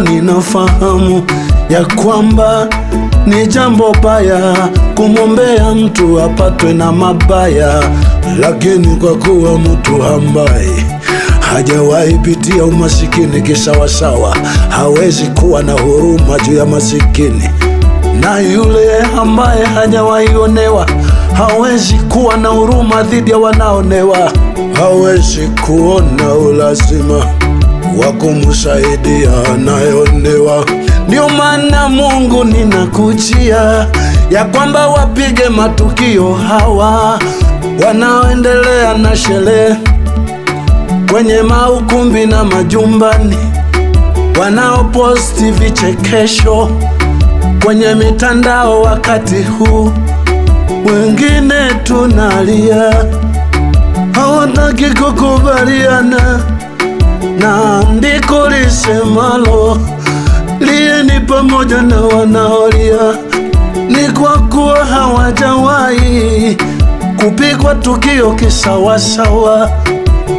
ninafahamu ya kwamba ni jambo baya kumwombea mtu apatwe na mabaya, lakini kwa kuwa mtu ambaye hajawahi pitia umasikini kisawasawa, hawezi kuwa na huruma juu ya masikini, na yule ambaye hajawahi onewa hawezi kuwa na huruma dhidi ya wanaonewa, hawezi kuona ulazima wako mushahidi anayonewa. Ndio maana Mungu ninakuchia ya kwamba wapige matukio hawa wanaoendelea na sherehe kwenye maukumbi na majumbani, wanaoposti vichekesho kwenye mitandao wakati huu, wengine tunalia, hawataki kukubaliana na andiko lisemalo, liye ni pamoja na wanaolia, ni kwa kuwa hawajawahi kupigwa tukio kisawasawa.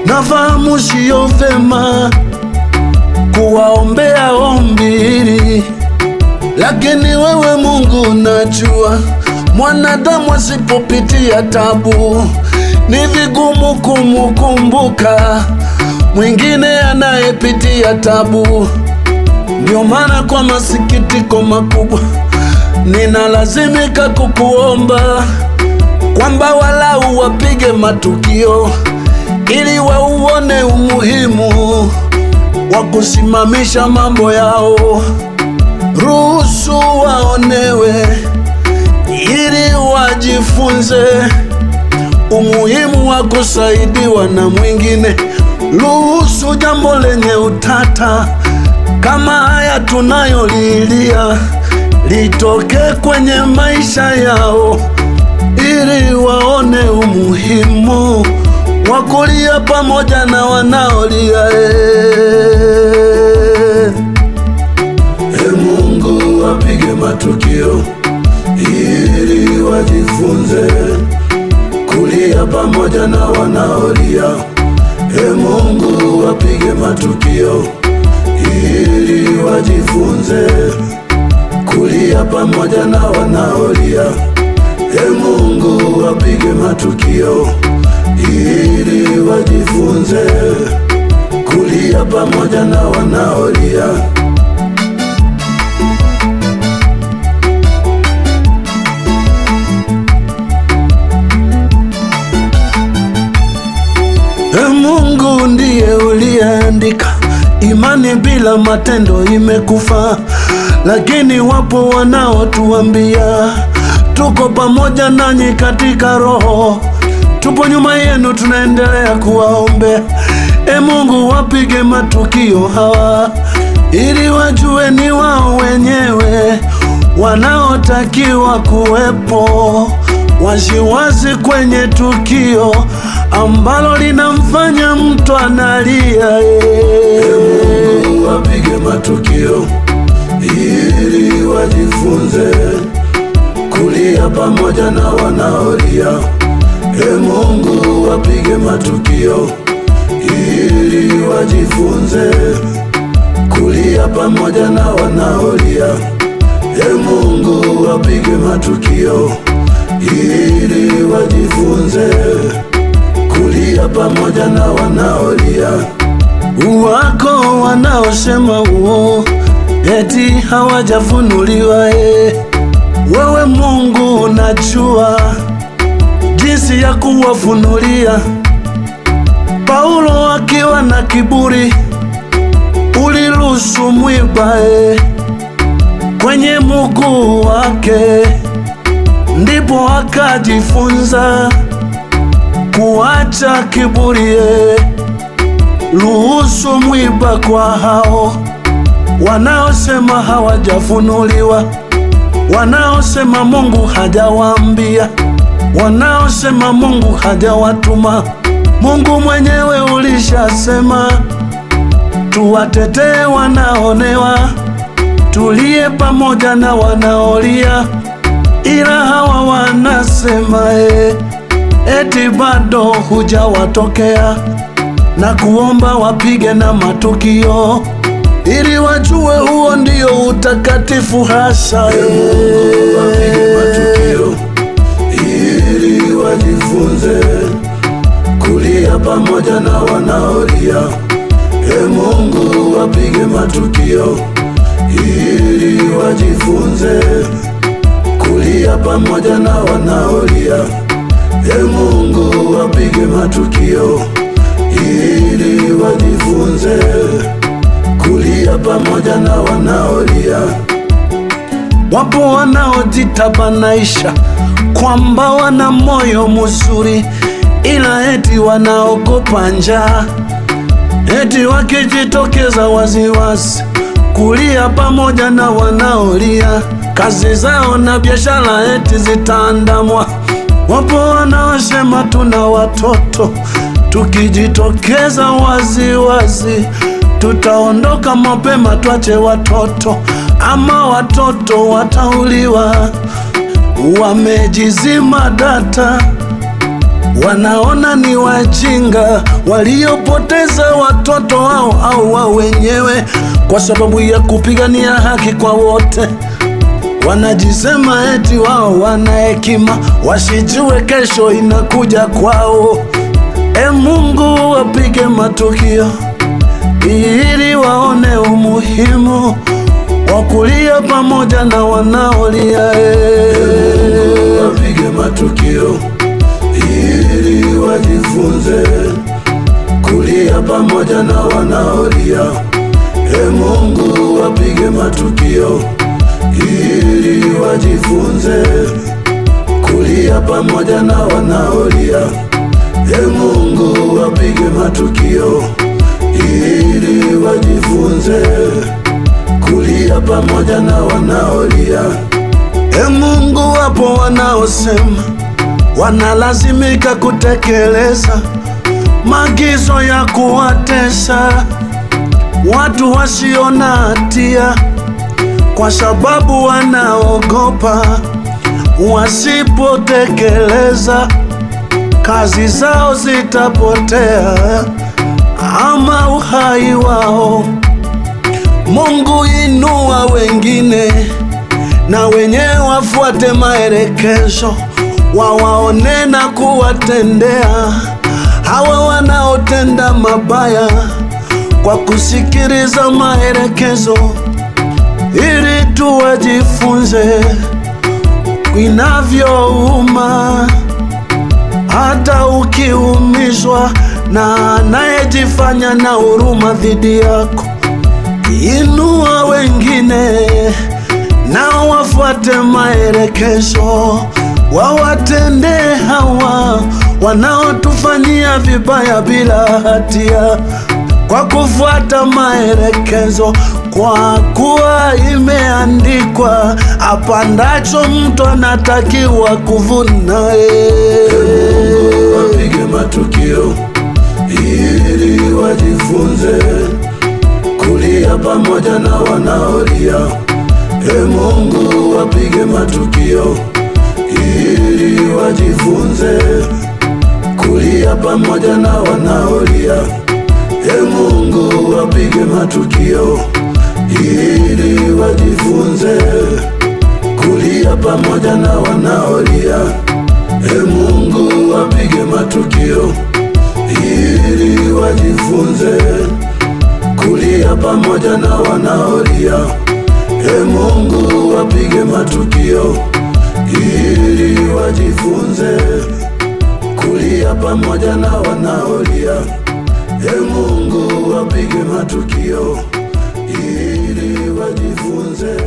Nafahamu siyo vema kuwaombea ombili, lakini wewe Mungu unajua mwanadamu asipopitia tabu ni vigumu kumukumbuka mwingine anayepitia tabu. Ndio maana kwa masikitiko makubwa ninalazimika kukuomba kwamba walau wapige matukio ili wauone umuhimu wa kusimamisha mambo yao. Ruhusu waonewe ili wajifunze umuhimu wa kusaidiwa na mwingine ruhusu jambo lenye utata kama haya tunayolilia litoke kwenye maisha yao, ili waone umuhimu wa kulia pamoja na wanaolia. E Mungu wapige matukio ili wajifunze kulia pamoja na wanaolia. E Mungu, wapige matukio ili wajifunze kulia pamoja na wanaolia. E Mungu, wapige matukio ili wajifunze kulia pamoja na wanaolia. imani bila matendo imekufa, lakini wapo wanaotuambia tuko pamoja nanyi katika roho, tupo nyuma yenu, tunaendelea kuwaombea. E Mungu, wapige matukio hawa ili wajue ni wao wenyewe wanaotakiwa kuwepo waziwazi kwenye tukio ambalo linamfanya mtu analia. E, wapige matukio ili wajifunze kulia pamoja na wanaolia. E Mungu, wapige matukio ili wajifunze kulia pamoja na wanaolia. E Mungu, wapige matukio ili wajifunze kulia pamoja na wanaolia. Uwako wanaosema uo eti hawajafunuliwa e. Wewe Mungu unachua jinsi ya kuwafunulia. Paulo akiwa na kiburi uliruhusu mwiba e, kwenye mguu wake, ndipo akajifunza kuacha kiburi e ruhusu mwiba kwa hao wanaosema hawajafunuliwa, wanaosema Mungu hajawaambia, wanaosema Mungu hajawatuma. Mungu mwenyewe ulishasema tuwatetee wanaonewa, tulie pamoja na wanaolia, ila hawa wanasema e, eti bado hujawatokea na kuomba wapige na matukio ili wajue huo ndio utakatifu hasa. wapige matukio ili wajifunze kulia pamoja na wanaolia. e Mungu wapige matukio ili wajifunze kulia pamoja na wanaolia. e Mungu wapige matukio ili wajifunze kulia pamoja na wanaolia. Wapo wanaojitabanaisha kwamba wana moyo mzuri, ila eti wanaogopa njaa, eti wakijitokeza waziwazi kulia pamoja na wanaolia, kazi zao na biashara eti zitaandamwa. Wapo wanaosema tuna watoto tukijitokeza wazi wazi, tutaondoka mapema, twache watoto ama watoto watauliwa. Wamejizima data, wanaona ni wajinga waliopoteza watoto wao au wao wenyewe, kwa sababu ya kupigania haki kwa wote. Wanajisema eti wao wana hekima, wasijue kesho inakuja kwao. E Mungu, wapige matukio ili waone umuhimu wa kulia pamoja na wanaolia. E Mungu, wapige matukio ili wajifunze kulia pamoja na wanaolia. E Mungu, wapige matukio ili wajifunze kulia pamoja na wanaolia. Ee Mungu wapige matukio ili wajifunze kulia pamoja na wanaolia. E Mungu, wapo wanaosema wanalazimika kutekeleza maagizo ya kuwatesa watu wasio na hatia, kwa sababu wanaogopa wasipotekeleza kazi zao zitapotea ama uhai wao. Mungu, inua wengine na wenyewe wafuate maelekezo, wawaone na kuwatendea hawa wanaotenda mabaya kwa kusikiliza maelekezo, ili tuwajifunze inavyouma hata ukiumizwa na anayejifanya na huruma dhidi yako. Inua wengine na wafuate maelekezo, wawatende hawa wanaotufanyia vibaya bila hatia kwa kufuata maelekezo, kwa kuwa imeandikwa, apandacho mtu anatakiwa kuvuna. Wapige matukio ili wajifunze kulia pamoja na wanaolia. E Mungu, wapige matukio ili wajifunze kulia pamoja na wanaolia E Mungu, wapige matukio ili wajifunze kulia pamoja na wanaolia. E Mungu, wapige matukio ili wajifunze kulia pamoja na wanaolia. E Mungu, wapige matukio ili wajifunze kulia pamoja na wanaolia. E Mungu, wapige matukio ili wajifunze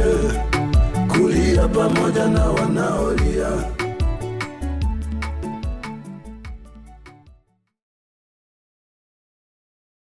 kulia pamoja na wanaolia.